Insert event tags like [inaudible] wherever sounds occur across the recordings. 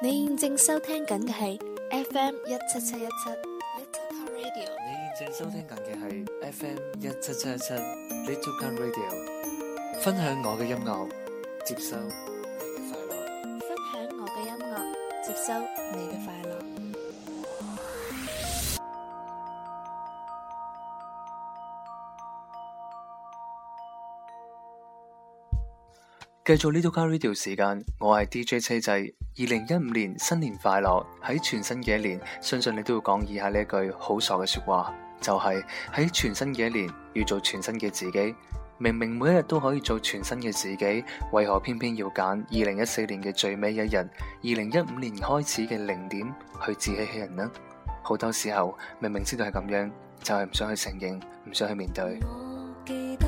你現正收聽緊嘅係 FM 一七七一七，你現正收聽緊嘅係 FM 一七七一七，Little Car Radio。分享我嘅音樂，接受。繼續呢度 Radio 條時間，我係 DJ 車仔。二零一五年新年快樂！喺全新嘅一年，相信你都要講以下呢一句好傻嘅說話，就係、是、喺全新嘅一年要做全新嘅自己。明明每一日都可以做全新嘅自己，為何偏偏要揀二零一四年嘅最尾一日，二零一五年開始嘅零點去自欺欺人呢？好多時候明明知道係咁樣，就係、是、唔想去承認，唔想去面對。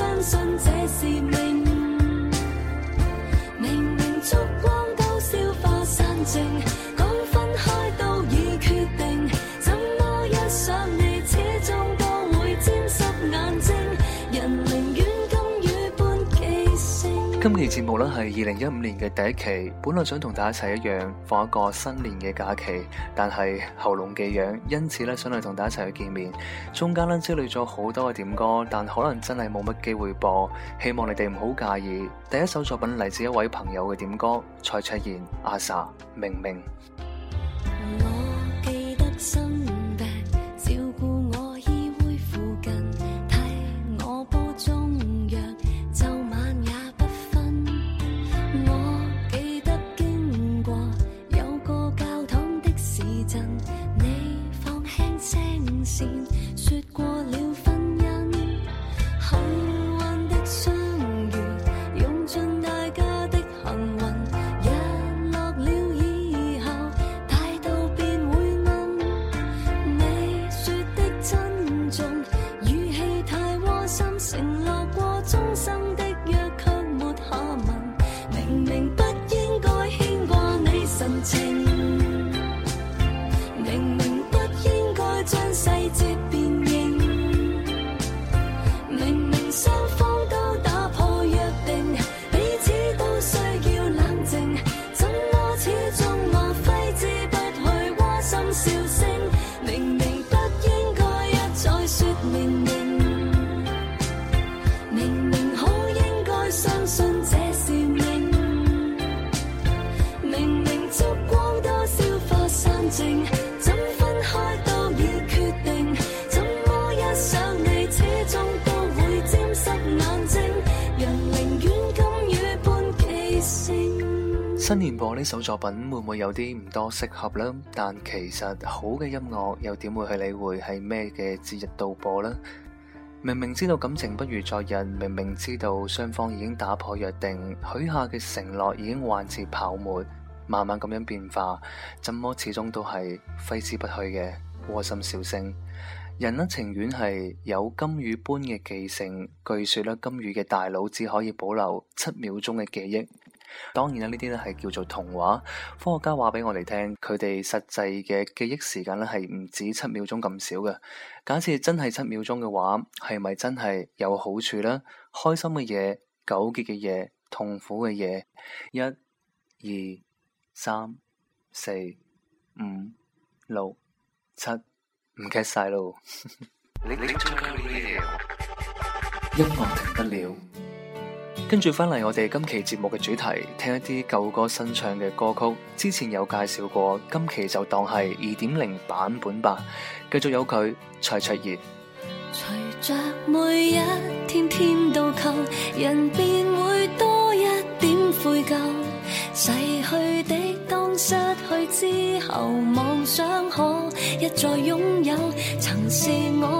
相信這是命。呢期節目呢係二零一五年嘅第一期，本來想同大家一齊一樣放一個新年嘅假期，但係喉嚨嘅樣，因此呢想嚟同大家一齊去見面。中間呢，積累咗好多嘅點歌，但可能真係冇乜機會播，希望你哋唔好介意。第一首作品嚟自一位朋友嘅點歌，蔡卓妍、阿 Sa、明明。我記得新年播呢首作品會唔會有啲唔多適合呢？但其實好嘅音樂又點會去理會係咩嘅節日度播呢？明明知道感情不如昨日，明明知道雙方已經打破約定，許下嘅承諾已經幻似泡沫，慢慢咁樣變化，怎麼始終都係揮之不去嘅窩心笑聲？人呢，情願係有金魚般嘅記性，據說呢，金魚嘅大腦只可以保留七秒鐘嘅記憶。當然啦，呢啲咧係叫做童話。科學家話俾我哋聽，佢哋實際嘅記憶時間咧係唔止七秒鐘咁少嘅。假設真係七秒鐘嘅話，係咪真係有好處咧？開心嘅嘢、糾結嘅嘢、痛苦嘅嘢，一、二、三、四、五、六、七，唔記得晒咯。音 [laughs] 樂停不了。跟住翻嚟我哋今期節目嘅主題，聽一啲舊歌新唱嘅歌曲。之前有介紹過，今期就當係二點零版本吧。繼續有佢齊齊熱。隨着每一天天到舊，人便會多一點悔疚。逝去的當失去之後，妄想可一再擁有，曾是我。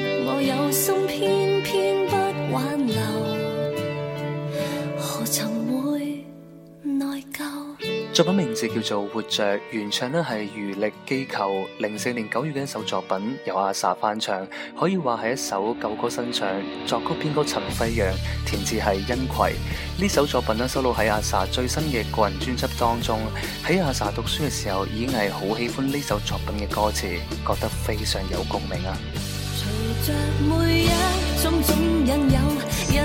作品名字叫做《活着》，原唱呢係餘力機構零四年九月嘅一首作品，由阿 sa 翻唱，可以話係一首舊歌新唱。作曲編曲陳輝陽，填詞係殷葵。呢首作品呢，收錄喺阿 sa 最新嘅個人專輯當中。喺阿 sa 讀書嘅時候，已經係好喜歡呢首作品嘅歌詞，覺得非常有共鳴啊！隨着每一種種引誘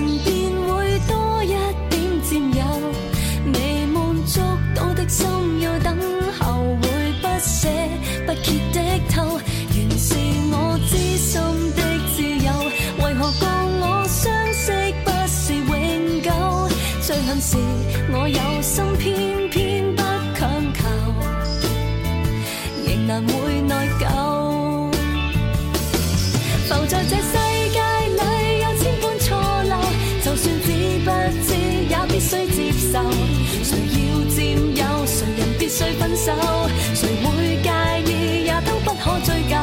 誰會介意也都不可追究，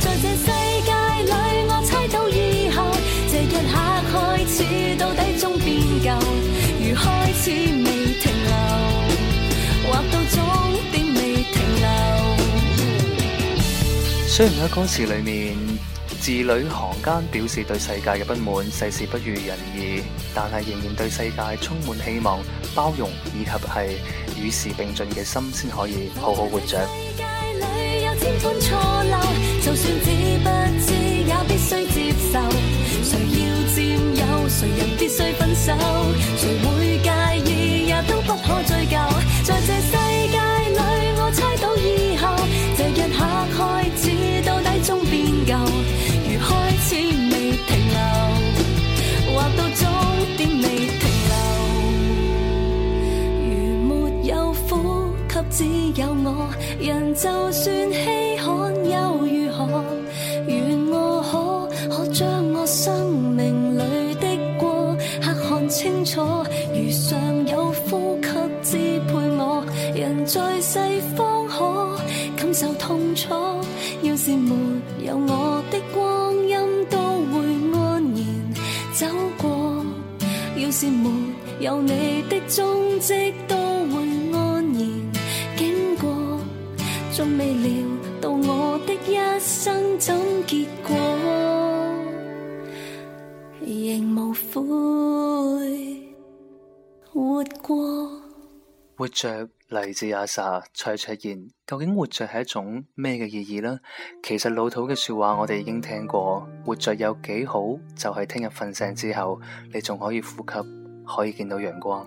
在這世界裏我猜到以後，這一刻開始到底終變舊，如開始未停留，或到終點未停留。雖然喺歌詞裏面，字裏行間表示對世界嘅不滿、世事不如人意，但係仍然對世界充滿希望、包容以及係。與時並進嘅心先可以好好活着。世界裏有千般錯漏，就算知不知也必須接受。誰要佔有誰人必須分手，誰會介意也都不可追究都會安然經過，仲未料到我的一生總結果仍無悔活過。活着，來自阿 sa 蔡卓妍。究竟活着係一種咩嘅意義呢？其實老土嘅說話，我哋已經聽過。活着有幾好？就係聽日瞓醒之後，你仲可以呼吸，可以見到陽光。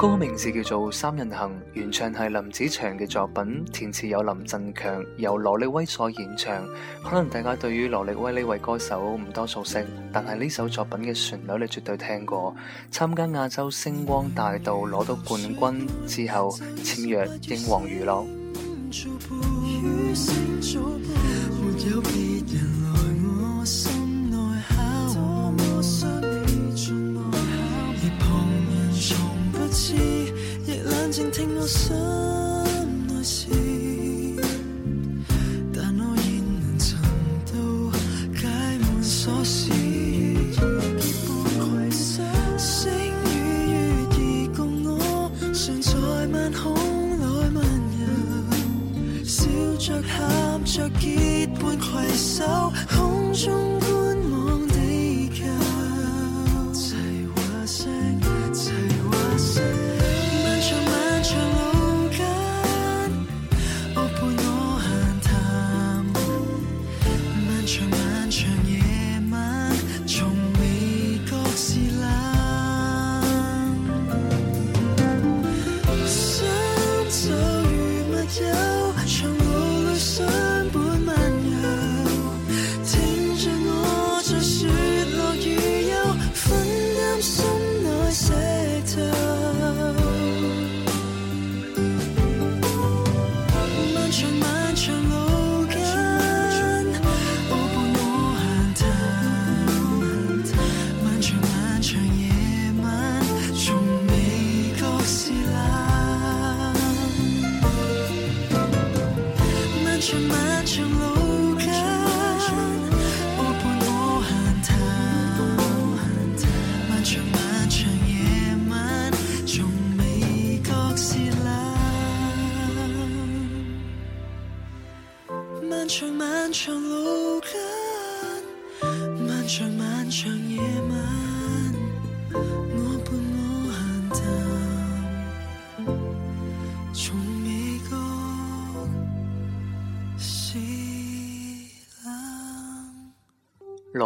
歌名字叫做《三人行》，原唱係林子祥嘅作品，填詞有林振強，由羅力威所演唱。可能大家對於羅力威呢位歌手唔多熟悉，但係呢首作品嘅旋律你絕對聽過。參加亞洲星光大道攞到冠軍之後，簽約英皇娛樂。 [music] 聆聽我心。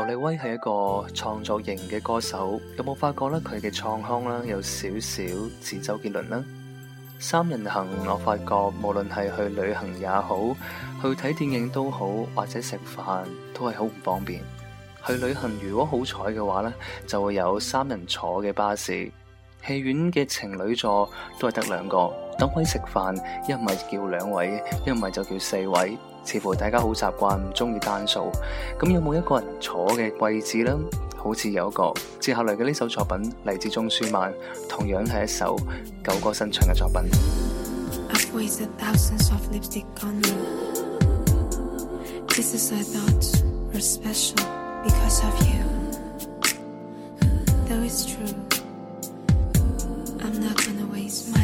羅力威係一個創作型嘅歌手，有冇發覺咧佢嘅創腔啦有少少似周杰倫呢。三人行，我發覺無論係去旅行也好，去睇電影都好，或者食飯都係好唔方便。去旅行如果好彩嘅話咧，就會有三人坐嘅巴士，戲院嘅情侶座都係得兩個。等位食飯，一唔係叫兩位，一唔係就叫四位，似乎大家好習慣唔中意單數。咁有冇一個人坐嘅位置呢？好似有一個。接下來嘅呢首作品嚟自鍾舒漫，同樣係一首舊歌新唱嘅作品。I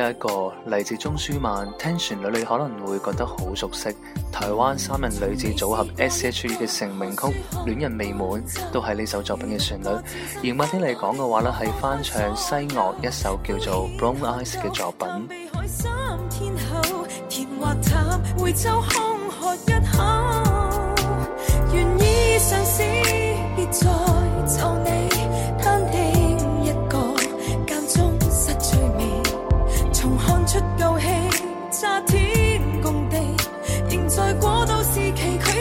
第一個嚟自鍾舒漫，聽旋律你可能會覺得好熟悉，台灣三人女子組合 S.H.E 嘅成名曲《戀人未滿》都係呢首作品嘅旋律。而麥天嚟講嘅話咧，係翻唱西樂一首叫做《Brown Eyes》嘅作品。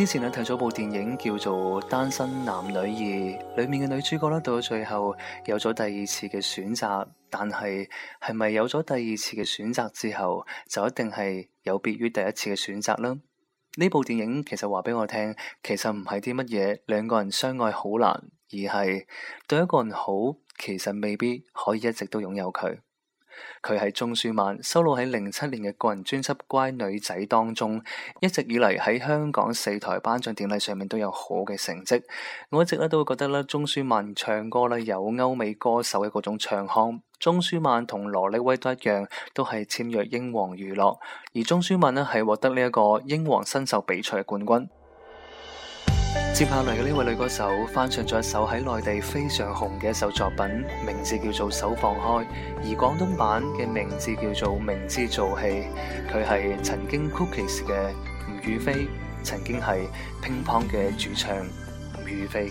之前咧睇咗部電影叫做《單身男女二》，裏面嘅女主角啦，到咗最後有咗第二次嘅選擇，但係係咪有咗第二次嘅選擇之後就一定係有別於第一次嘅選擇呢？呢部電影其實話俾我聽，其實唔係啲乜嘢，兩個人相愛好難，而係對一個人好，其實未必可以一直都擁有佢。佢係鍾舒漫，收錄喺零七年嘅個人專輯《乖女仔》當中，一直以嚟喺香港四台頒獎典禮上面都有好嘅成績。我一直咧都會覺得咧，鍾舒漫唱歌咧有歐美歌手嘅嗰種唱腔。鍾舒漫同羅力威都一樣，都係簽約英皇娛樂，而鍾舒漫係係獲得呢一個英皇新秀比賽嘅冠軍。接下來嘅呢位女歌手翻唱咗一首喺內地非常紅嘅一首作品，名字叫做《手放開》，而廣東版嘅名字叫做《明知做戲》。佢係曾經 Cookies 嘅吳雨霏，曾經係乒乓嘅主唱吳雨霏。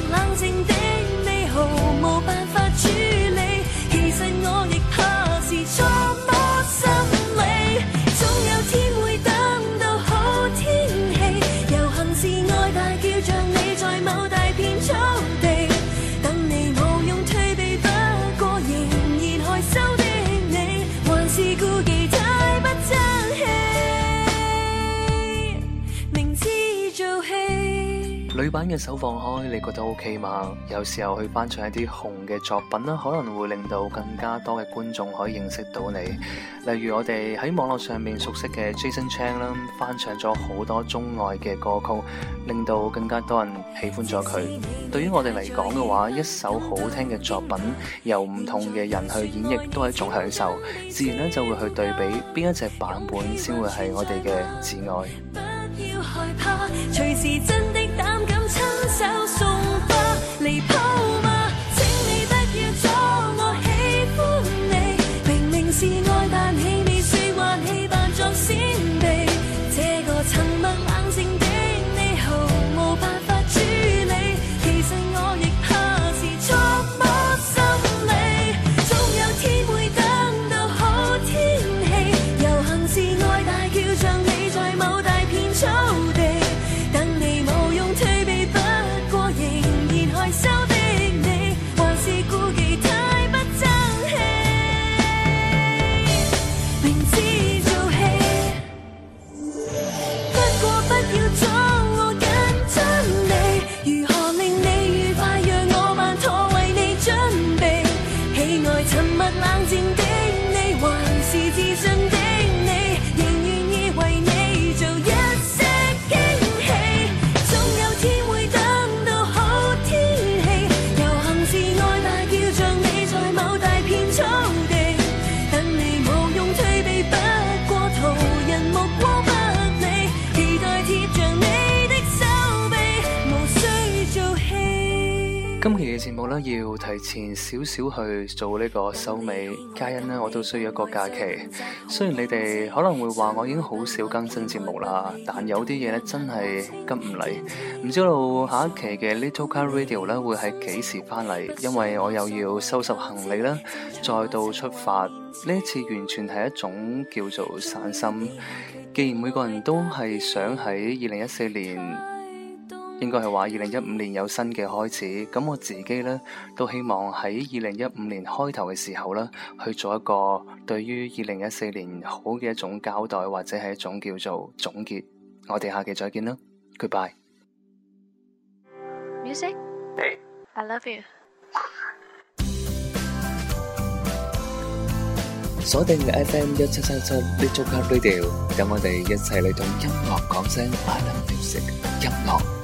冷靜的。版嘅手放開，你覺得 OK 嘛？有時候去翻唱一啲紅嘅作品啦，可能會令到更加多嘅觀眾可以認識到你。例如我哋喺網絡上面熟悉嘅 Jason Chang 啦，翻唱咗好多鍾愛嘅歌曲，令到更加多人喜歡咗佢。對於我哋嚟講嘅話，一首好聽嘅作品，由唔同嘅人去演繹都係一種享受。自然咧就會去對比邊一隻版本先會係我哋嘅摯愛。要提前少少去做呢個收尾，皆因呢，我都需要一個假期。雖然你哋可能會話我已經好少更新節目啦，但有啲嘢咧真係跟唔嚟。唔知道下一期嘅 Little Car Radio 咧會係幾時翻嚟？因為我又要收拾行李啦，再度出發。呢一次完全係一種叫做散心。既然每個人都係想喺二零一四年。應該係話二零一五年有新嘅開始，咁我自己咧都希望喺二零一五年開頭嘅時候咧去做一個對於二零一四年好嘅一種交代，或者係一種叫做總結。我哋下期再見啦，Goodbye。Music，I Hey. love you Radio。鎖定 FM 一七七七 Live Card Radio，等我哋一齊嚟同音樂講聲 I love music 音樂。